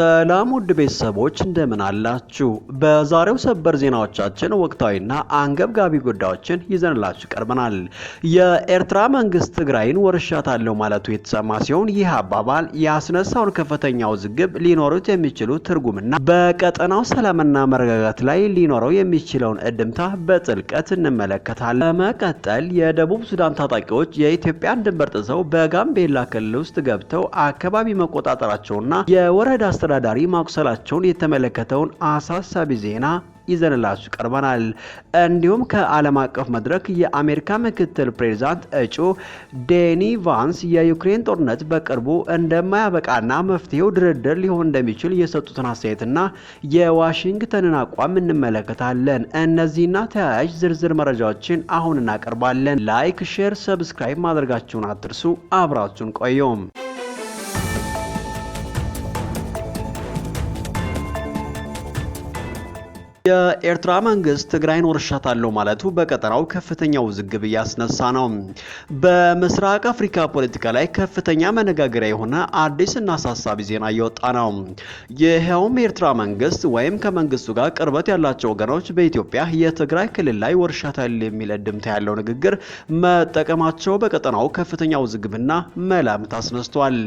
ሰላም ውድ ቤተሰቦች እንደምን አላችሁ? በዛሬው ሰበር ዜናዎቻችን ወቅታዊና አንገብጋቢ ጉዳዮችን ይዘንላችሁ ቀርበናል። የኤርትራ መንግስት ትግራይን ወርሻታለሁ ማለቱ የተሰማ ሲሆን ይህ አባባል ያስነሳውን ከፍተኛ ውዝግብ፣ ሊኖሩት የሚችሉ ትርጉምና በቀጠናው ሰላምና መረጋጋት ላይ ሊኖረው የሚችለውን እድምታ በጥልቀት እንመለከታለን። በመቀጠል የደቡብ ሱዳን ታጣቂዎች የኢትዮጵያን ድንበር ጥሰው በጋምቤላ ክልል ውስጥ ገብተው አካባቢ መቆጣጠራቸውና የወረዳ አስተዳዳሪ ማቁሰላቸውን የተመለከተውን አሳሳቢ ዜና ይዘንላችሁ ቀርበናል። እንዲሁም ከዓለም አቀፍ መድረክ የአሜሪካ ምክትል ፕሬዚዳንት እጩ ዴኒ ቫንስ የዩክሬን ጦርነት በቅርቡ እንደማያበቃና መፍትሄው ድርድር ሊሆን እንደሚችል የሰጡትን አስተያየትና የዋሽንግተንን አቋም እንመለከታለን። እነዚህና ተያያዥ ዝርዝር መረጃዎችን አሁን እናቀርባለን። ላይክ፣ ሼር፣ ሰብስክራይብ ማድረጋችሁን አትርሱ። አብራችሁን ቆዩም የኤርትራ መንግስት ትግራይን ወርሻታለሁ ማለቱ በቀጠናው ከፍተኛ ውዝግብ እያስነሳ ነው። በምስራቅ አፍሪካ ፖለቲካ ላይ ከፍተኛ መነጋገሪያ የሆነ አዲስ እና አሳሳቢ ዜና እየወጣ ነው። ይኸውም የኤርትራ መንግስት ወይም ከመንግስቱ ጋር ቅርበት ያላቸው ወገኖች በኢትዮጵያ የትግራይ ክልል ላይ ወርሻታል የሚል እድምታ ያለው ንግግር መጠቀማቸው በቀጠናው ከፍተኛ ውዝግብና መላምት አስነስቷል።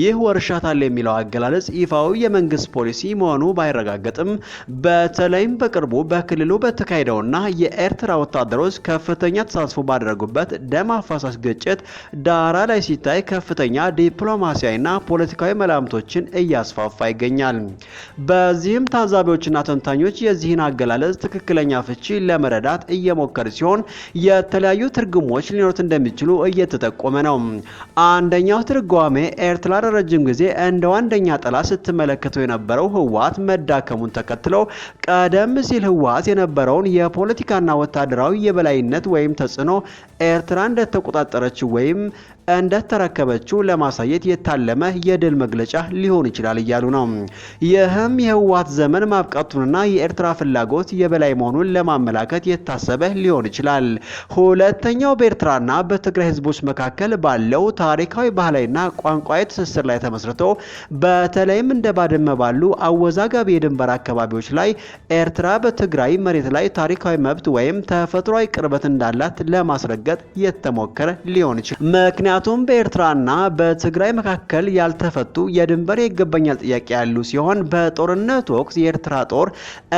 ይህ ወርሻታል የሚለው አገላለጽ ይፋዊ የመንግስት ፖሊሲ መሆኑ ባይረጋገጥም በተለይ ይህም በቅርቡ በክልሉ በተካሄደውና የኤርትራ ወታደሮች ከፍተኛ ተሳትፎ ባደረጉበት ደም አፋሳሽ ግጭት ዳራ ላይ ሲታይ ከፍተኛ ዲፕሎማሲያዊና ፖለቲካዊ መላምቶችን እያስፋፋ ይገኛል። በዚህም ታዛቢዎችና ተንታኞች የዚህን አገላለጽ ትክክለኛ ፍቺ ለመረዳት እየሞከር ሲሆን የተለያዩ ትርጉሞች ሊኖሩት እንደሚችሉ እየተጠቆመ ነው። አንደኛው ትርጓሜ ኤርትራ ለረጅም ጊዜ እንደ ዋንደኛ ጠላት ስትመለከተው የነበረው ህወሓት መዳከሙን ተከትለው ቀደ ቀደም ሲል ህወሓት የነበረውን የፖለቲካና ወታደራዊ የበላይነት ወይም ተጽዕኖ ኤርትራ እንደተቆጣጠረችው ወይም እንደተረከበችው ለማሳየት የታለመ የድል መግለጫ ሊሆን ይችላል እያሉ ነው። ይህም የህወሓት ዘመን ማብቃቱንና የኤርትራ ፍላጎት የበላይ መሆኑን ለማመላከት የታሰበ ሊሆን ይችላል። ሁለተኛው በኤርትራና በትግራይ ህዝቦች መካከል ባለው ታሪካዊ፣ ባህላዊና ቋንቋዊ ትስስር ላይ ተመስርቶ በተለይም እንደ ባድመ ባሉ አወዛጋቢ የድንበር አካባቢዎች ላይ ኤርትራ በትግራይ መሬት ላይ ታሪካዊ መብት ወይም ተፈጥሯዊ ቅርበት እንዳላት ለማስረገ ለማስረገጥ የተሞከረ ሊሆን ይችላል። ምክንያቱም በኤርትራና በትግራይ መካከል ያልተፈቱ የድንበር ይገባኛል ጥያቄ ያሉ ሲሆን በጦርነት ወቅት የኤርትራ ጦር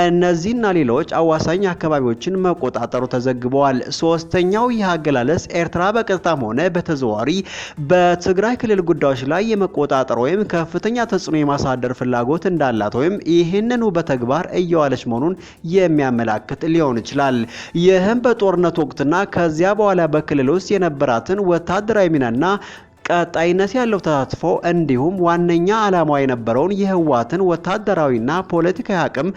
እነዚህና ሌሎች አዋሳኝ አካባቢዎችን መቆጣጠሩ ተዘግበዋል። ሶስተኛው ይህ አገላለጽ ኤርትራ በቀጥታም ሆነ በተዘዋሪ በትግራይ ክልል ጉዳዮች ላይ የመቆጣጠር ወይም ከፍተኛ ተጽዕኖ የማሳደር ፍላጎት እንዳላት ወይም ይህንኑ በተግባር እየዋለች መሆኑን የሚያመላክት ሊሆን ይችላል። ይህም በጦርነት ወቅትና ከዚያ በኋላ በክልል ውስጥ የነበራትን ወታደራዊ ሚናና ቀጣይነት ያለው ተሳትፎ እንዲሁም ዋነኛ ዓላማ የነበረውን የህወሓትን ወታደራዊና ፖለቲካዊ አቅም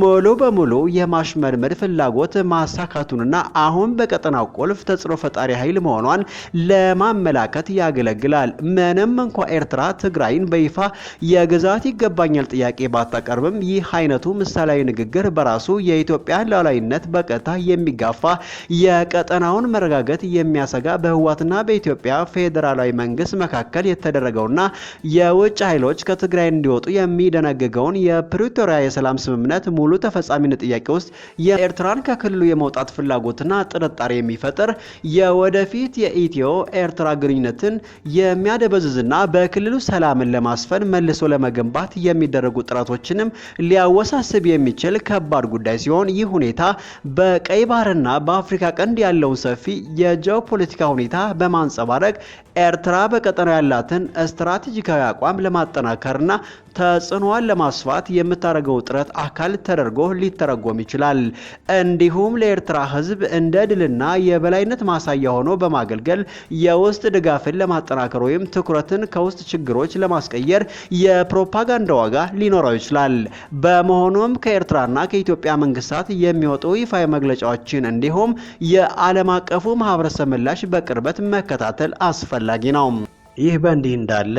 ሙሉ በሙሉ የማሽመድመድ ፍላጎት ማሳካቱንና አሁን በቀጠናው ቁልፍ ተጽዕኖ ፈጣሪ ኃይል መሆኗን ለማመላከት ያገለግላል። ምንም እንኳ ኤርትራ ትግራይን በይፋ የግዛት ይገባኛል ጥያቄ ባታቀርብም ይህ አይነቱ ምሳሌያዊ ንግግር በራሱ የኢትዮጵያን ሉዓላዊነት በቀጥታ የሚጋፋ የቀጠናውን መረጋገት የሚያሰጋ በህወሓትና በኢትዮጵያ ፌዴራላዊ መንግስት መንግስት መካከል የተደረገውና የውጭ ኃይሎች ከትግራይ እንዲወጡ የሚደነግገውን የፕሪቶሪያ የሰላም ስምምነት ሙሉ ተፈጻሚነት ጥያቄ ውስጥ የኤርትራን ከክልሉ የመውጣት ፍላጎትና ጥርጣሬ የሚፈጥር የወደፊት የኢትዮ ኤርትራ ግንኙነትን የሚያደበዝዝና በክልሉ ሰላምን ለማስፈን መልሶ ለመገንባት የሚደረጉ ጥረቶችንም ሊያወሳስብ የሚችል ከባድ ጉዳይ ሲሆን ይህ ሁኔታ በቀይ ባህርና በአፍሪካ ቀንድ ያለውን ሰፊ የጂኦፖለቲካ ሁኔታ በማንጸባረቅ ኤርትራ በቀጠናው ያላትን ስትራቴጂካዊ አቋም ለማጠናከርና ተጽዕኖዋን ለማስፋት የምታደርገው ጥረት አካል ተደርጎ ሊተረጎም ይችላል። እንዲሁም ለኤርትራ ሕዝብ እንደ ድልና የበላይነት ማሳያ ሆኖ በማገልገል የውስጥ ድጋፍን ለማጠናከር ወይም ትኩረትን ከውስጥ ችግሮች ለማስቀየር የፕሮፓጋንዳ ዋጋ ሊኖረው ይችላል። በመሆኑም ከኤርትራና ከኢትዮጵያ መንግስታት የሚወጡ ይፋዊ መግለጫዎችን እንዲሁም የዓለም አቀፉ ማህበረሰብ ምላሽ በቅርበት መከታተል አስፈላጊ ነው። ይህ በእንዲህ እንዳለ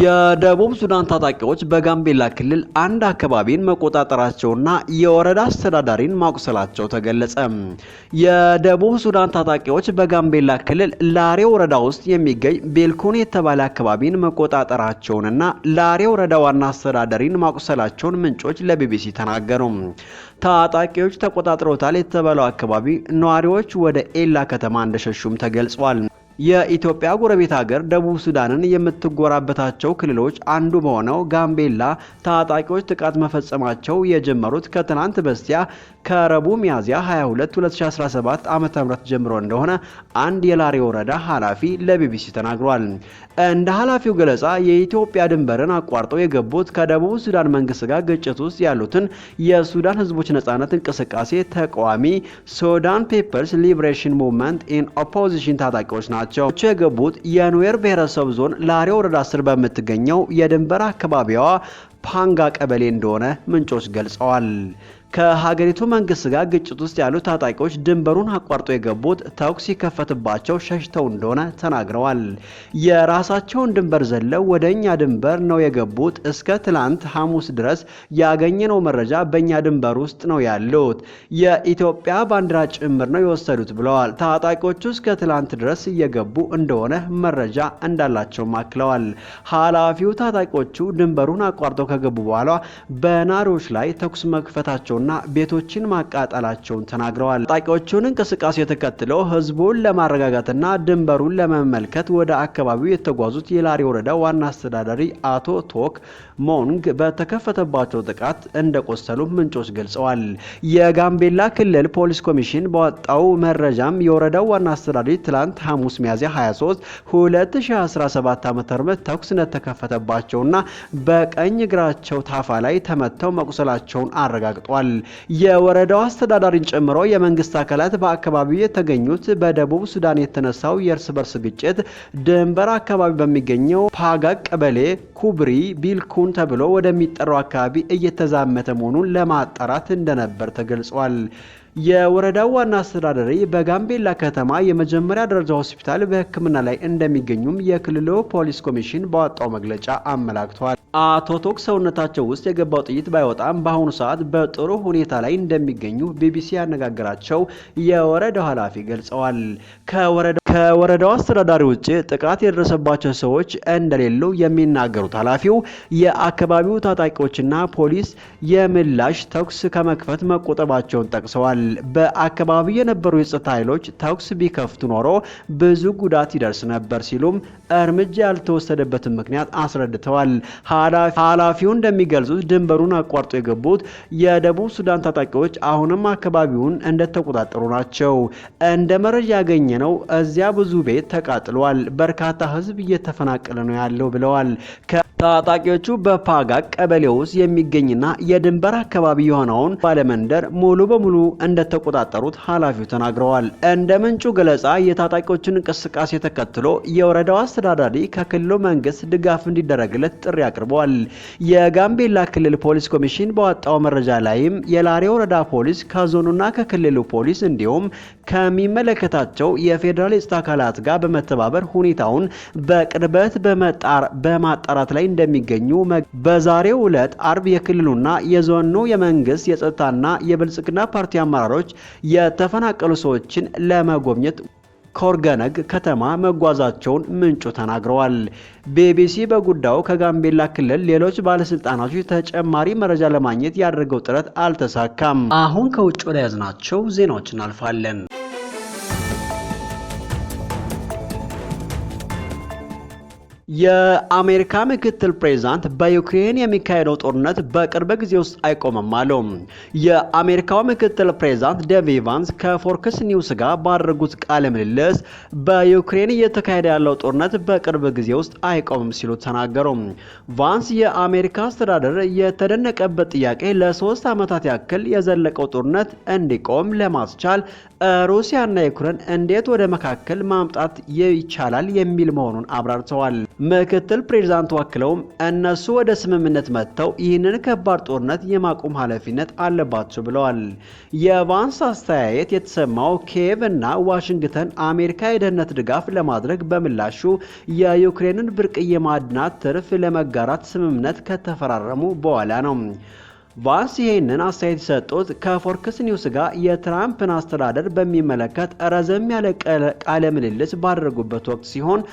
የደቡብ ሱዳን ታጣቂዎች በጋምቤላ ክልል አንድ አካባቢን መቆጣጠራቸውና የወረዳ አስተዳዳሪን ማቁሰላቸው ተገለጸ። የደቡብ ሱዳን ታጣቂዎች በጋምቤላ ክልል ላሬ ወረዳ ውስጥ የሚገኝ ቤልኮን የተባለ አካባቢን መቆጣጠራቸውንና ላሬ ወረዳ ዋና አስተዳዳሪን ማቁሰላቸውን ምንጮች ለቢቢሲ ተናገሩ። ታጣቂዎች ተቆጣጥረውታል የተባለው አካባቢ ነዋሪዎች ወደ ኤላ ከተማ እንደሸሹም ተገልጿል። የኢትዮጵያ ጎረቤት ሀገር ደቡብ ሱዳንን የምትጎራበታቸው ክልሎች አንዱ በሆነው ጋምቤላ ታጣቂዎች ጥቃት መፈጸማቸው የጀመሩት ከትናንት በስቲያ ከረቡዕ ሚያዝያ 22 2017 ዓ ም ጀምሮ እንደሆነ አንድ የላሬ ወረዳ ኃላፊ ለቢቢሲ ተናግሯል። እንደ ኃላፊው ገለጻ የኢትዮጵያ ድንበርን አቋርጠው የገቡት ከደቡብ ሱዳን መንግስት ጋር ግጭት ውስጥ ያሉትን የሱዳን ህዝቦች ነጻነት እንቅስቃሴ ተቃዋሚ ሱዳን ፔፐርስ ሊብሬሽን ሙቭመንት ኢን ኦፖዚሽን ታጣቂዎች ናቸው። ናቸው የገቡት የኑዌር ብሔረሰብ ዞን ላሬ ወረዳ ስር በምትገኘው የድንበር አካባቢዋ ፓንጋ ቀበሌ እንደሆነ ምንጮች ገልጸዋል። ከሀገሪቱ መንግስት ጋር ግጭት ውስጥ ያሉ ታጣቂዎች ድንበሩን አቋርጦ የገቡት ተኩስ ሲከፈትባቸው ሸሽተው እንደሆነ ተናግረዋል። የራሳቸውን ድንበር ዘለው ወደ እኛ ድንበር ነው የገቡት። እስከ ትላንት ሐሙስ ድረስ ያገኘነው መረጃ በእኛ ድንበር ውስጥ ነው ያሉት። የኢትዮጵያ ባንዲራ ጭምር ነው የወሰዱት ብለዋል። ታጣቂዎቹ እስከ ትላንት ድረስ እየገቡ እንደሆነ መረጃ እንዳላቸው አክለዋል። ኃላፊው ታጣቂዎቹ ድንበሩን አቋርጠው ከገቡ በኋላ በናሪዎች ላይ ተኩስ መክፈታቸው ማድረጋቸውና ቤቶችን ማቃጠላቸውን ተናግረዋል። ታጣቂዎቹን እንቅስቃሴ ተከትለው ህዝቡን ለማረጋጋትና ድንበሩን ለመመልከት ወደ አካባቢው የተጓዙት የላሪ ወረዳ ዋና አስተዳዳሪ አቶ ቶክ ሞንግ በተከፈተባቸው ጥቃት እንደቆሰሉ ምንጮች ገልጸዋል። የጋምቤላ ክልል ፖሊስ ኮሚሽን ባወጣው መረጃም የወረዳው ዋና አስተዳዳሪ ትላንት ሐሙስ ሚያዝያ 23 2017 ም ተኩስ እንደተከፈተባቸውና በቀኝ እግራቸው ታፋ ላይ ተመተው መቁሰላቸውን አረጋግጧል። የወረዳው አስተዳዳሪን ጨምሮ የመንግስት አካላት በአካባቢው የተገኙት በደቡብ ሱዳን የተነሳው የእርስ በርስ ግጭት ድንበር አካባቢ በሚገኘው ፓጋቅ ቀበሌ ኩብሪ ቢልኩን ተብሎ ወደሚጠራው አካባቢ እየተዛመተ መሆኑን ለማጣራት እንደነበር ተገልጿል። የወረዳው ዋና አስተዳዳሪ በጋምቤላ ከተማ የመጀመሪያ ደረጃ ሆስፒታል በሕክምና ላይ እንደሚገኙም የክልሉ ፖሊስ ኮሚሽን ባወጣው መግለጫ አመላክቷል። አቶ ቶክ ሰውነታቸው ውስጥ የገባው ጥይት ባይወጣም በአሁኑ ሰዓት በጥሩ ሁኔታ ላይ እንደሚገኙ ቢቢሲ ያነጋገራቸው የወረዳው ኃላፊ ገልጸዋል። ከወረዳው አስተዳዳሪ ውጭ ጥቃት የደረሰባቸው ሰዎች እንደሌሉ የሚናገሩት ኃላፊው የአካባቢው ታጣቂዎችና ፖሊስ የምላሽ ተኩስ ከመክፈት መቆጠባቸውን ጠቅሰዋል። በአካባቢው የነበሩ የጸጥታ ኃይሎች ተኩስ ቢከፍቱ ኖሮ ብዙ ጉዳት ይደርስ ነበር ሲሉም እርምጃ ያልተወሰደበትን ምክንያት አስረድተዋል። ኃላፊው እንደሚገልጹት ድንበሩን አቋርጦ የገቡት የደቡብ ሱዳን ታጣቂዎች አሁንም አካባቢውን እንደተቆጣጠሩ ናቸው። እንደ መረጃ ያገኘ ነው እዚያ ብዙ ቤት ተቃጥሏል፣ በርካታ ህዝብ እየተፈናቀለ ነው ያለው ብለዋል። ታጣቂዎቹ በፓጋቅ ቀበሌ ውስጥ የሚገኝና የድንበር አካባቢ የሆነውን ባለመንደር ሙሉ በሙሉ እንደተቆጣጠሩት ኃላፊው ተናግረዋል። እንደ ምንጩ ገለጻ የታጣቂዎችን እንቅስቃሴ ተከትሎ የወረዳው አስተዳዳሪ ከክልሉ መንግስት ድጋፍ እንዲደረግለት ጥሪ አቅርበዋል። የጋምቤላ ክልል ፖሊስ ኮሚሽን በወጣው መረጃ ላይም የላሬ ወረዳ ፖሊስ ከዞኑና ከክልሉ ፖሊስ እንዲሁም ከሚመለከታቸው የፌዴራል የጸጥታ አካላት ጋር በመተባበር ሁኔታውን በቅርበት በማጣራት ላይ እንደሚገኙ በዛሬው ዕለት አርብ የክልሉና የዞኑ የመንግስት የጸጥታና የብልጽግና ፓርቲ አማ ተራሮች የተፈናቀሉ ሰዎችን ለመጎብኘት ኮርገነግ ከተማ መጓዛቸውን ምንጩ ተናግረዋል። ቢቢሲ በጉዳዩ ከጋምቤላ ክልል ሌሎች ባለስልጣናቶች ተጨማሪ መረጃ ለማግኘት ያደረገው ጥረት አልተሳካም። አሁን ከውጭ ወደ ያዝናቸው ዜናዎች እናልፋለን። የአሜሪካ ምክትል ፕሬዚዳንት በዩክሬን የሚካሄደው ጦርነት በቅርብ ጊዜ ውስጥ አይቆምም አሉ። የአሜሪካው ምክትል ፕሬዚዳንት ዴቭ ኢቫንስ ከፎርክስ ኒውስ ጋር ባደረጉት ቃለ ምልልስ በዩክሬን እየተካሄደ ያለው ጦርነት በቅርብ ጊዜ ውስጥ አይቆምም ሲሉ ተናገሩ። ቫንስ የአሜሪካ አስተዳደር የተደነቀበት ጥያቄ ለሶስት ዓመታት ያክል የዘለቀው ጦርነት እንዲቆም ለማስቻል ሩሲያና ዩክሬን እንዴት ወደ መካከል ማምጣት ይቻላል የሚል መሆኑን አብራርተዋል። ምክትል ፕሬዚዳንቱ አክለውም እነሱ ወደ ስምምነት መጥተው ይህንን ከባድ ጦርነት የማቆም ኃላፊነት አለባቸው ብለዋል። የቫንስ አስተያየት የተሰማው ኪየቭ እና ዋሽንግተን አሜሪካ የደህንነት ድጋፍ ለማድረግ በምላሹ የዩክሬንን ብርቅዬ ማዕድናት ትርፍ ለመጋራት ስምምነት ከተፈራረሙ በኋላ ነው። ቫንስ ይህንን አስተያየት የሰጡት ከፎርክስ ኒውስ ጋር የትራምፕን አስተዳደር በሚመለከት ረዘም ያለ ቃለ ምልልስ ባደረጉበት ወቅት ሲሆን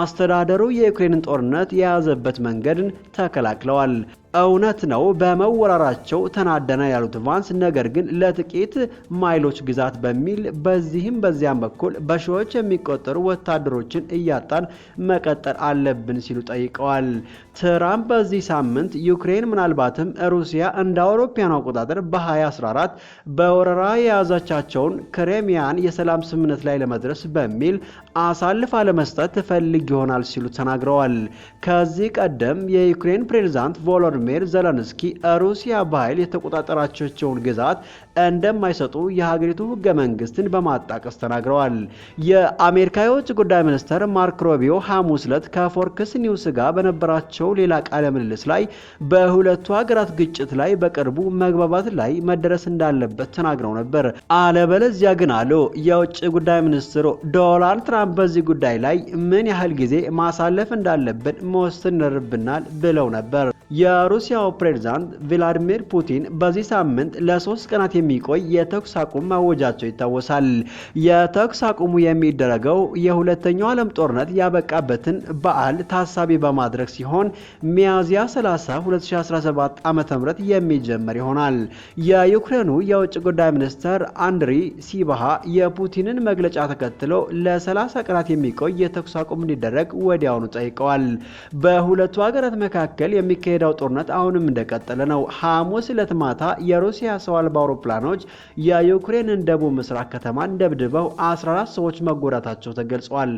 አስተዳደሩ የዩክሬንን ጦርነት የያዘበት መንገድን ተከላክለዋል። እውነት ነው በመወራራቸው ተናደና ያሉት ቫንስ ነገር ግን ለጥቂት ማይሎች ግዛት በሚል በዚህም በዚያም በኩል በሺዎች የሚቆጠሩ ወታደሮችን እያጣን መቀጠል አለብን ሲሉ ጠይቀዋል። ትራምፕ በዚህ ሳምንት ዩክሬን ምናልባትም ሩሲያ እንደ አውሮፓውያኑ አቆጣጠር በ2014 በወረራ የያዛቻቸውን ክሬሚያን የሰላም ስምምነት ላይ ለመድረስ በሚል አሳልፋ ለመስጠት ትፈልግ ይሆናል ሲሉ ተናግረዋል። ከዚህ ቀደም የዩክሬን ፕሬዚዳንት ቮሎዲሚር ቮሎዲሚር ዘለንስኪ ሩሲያ በኃይል የተቆጣጠራቸቸውን ግዛት እንደማይሰጡ የሀገሪቱ ህገ መንግስትን በማጣቀስ ተናግረዋል። የአሜሪካ የውጭ ጉዳይ ሚኒስትር ማርክ ሮቢዮ ሐሙስ ዕለት ከፎርክስ ኒውስ ጋር በነበራቸው ሌላ ቃለ ምልልስ ላይ በሁለቱ ሀገራት ግጭት ላይ በቅርቡ መግባባት ላይ መደረስ እንዳለበት ተናግረው ነበር። አለበለዚያ ግን አሉ የውጭ ጉዳይ ሚኒስትሩ ዶናልድ ትራምፕ በዚህ ጉዳይ ላይ ምን ያህል ጊዜ ማሳለፍ እንዳለብን መወሰን ይኖርብናል ብለው ነበር። የሩሲያው ፕሬዝዳንት ቭላድሚር ፑቲን በዚህ ሳምንት ለሶስት ቀናት የሚቆይ የተኩስ አቁም ማወጃቸው ይታወሳል። የተኩስ አቁሙ የሚደረገው የሁለተኛው ዓለም ጦርነት ያበቃበትን በዓል ታሳቢ በማድረግ ሲሆን ሚያዝያ 30 2017 ዓ ም የሚጀመር ይሆናል። የዩክሬኑ የውጭ ጉዳይ ሚኒስትር አንድሪ ሲባሃ የፑቲንን መግለጫ ተከትሎ ለ30 ቀናት የሚቆይ የተኩስ አቁም እንዲደረግ ወዲያውኑ ጠይቀዋል። በሁለቱ ሀገራት መካከል የሚካሄደው ጦርነት ጦርነት አሁንም እንደቀጠለ ነው። ሐሙስ ዕለት ማታ የሩሲያ ሰው አልባ አውሮፕላኖች የዩክሬንን ደቡብ ምስራቅ ከተማን ደብድበው 14 ሰዎች መጎዳታቸው ተገልጿል።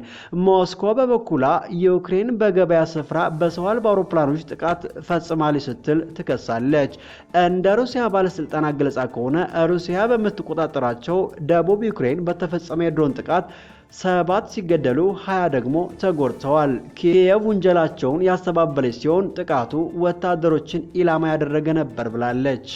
ሞስኮ በበኩላ ዩክሬን በገበያ ስፍራ በሰው አልባ አውሮፕላኖች ጥቃት ፈጽማለች ስትል ትከሳለች። እንደ ሩሲያ ባለስልጣና ገለጻ ከሆነ ሩሲያ በምትቆጣጠራቸው ደቡብ ዩክሬን በተፈጸመ የድሮን ጥቃት ሰባት ሲገደሉ ሀያ ደግሞ ተጎድተዋል። ኪየቭ ውንጀላቸውን ያስተባበለች ሲሆን ጥቃቱ ወታደሮችን ኢላማ ያደረገ ነበር ብላለች።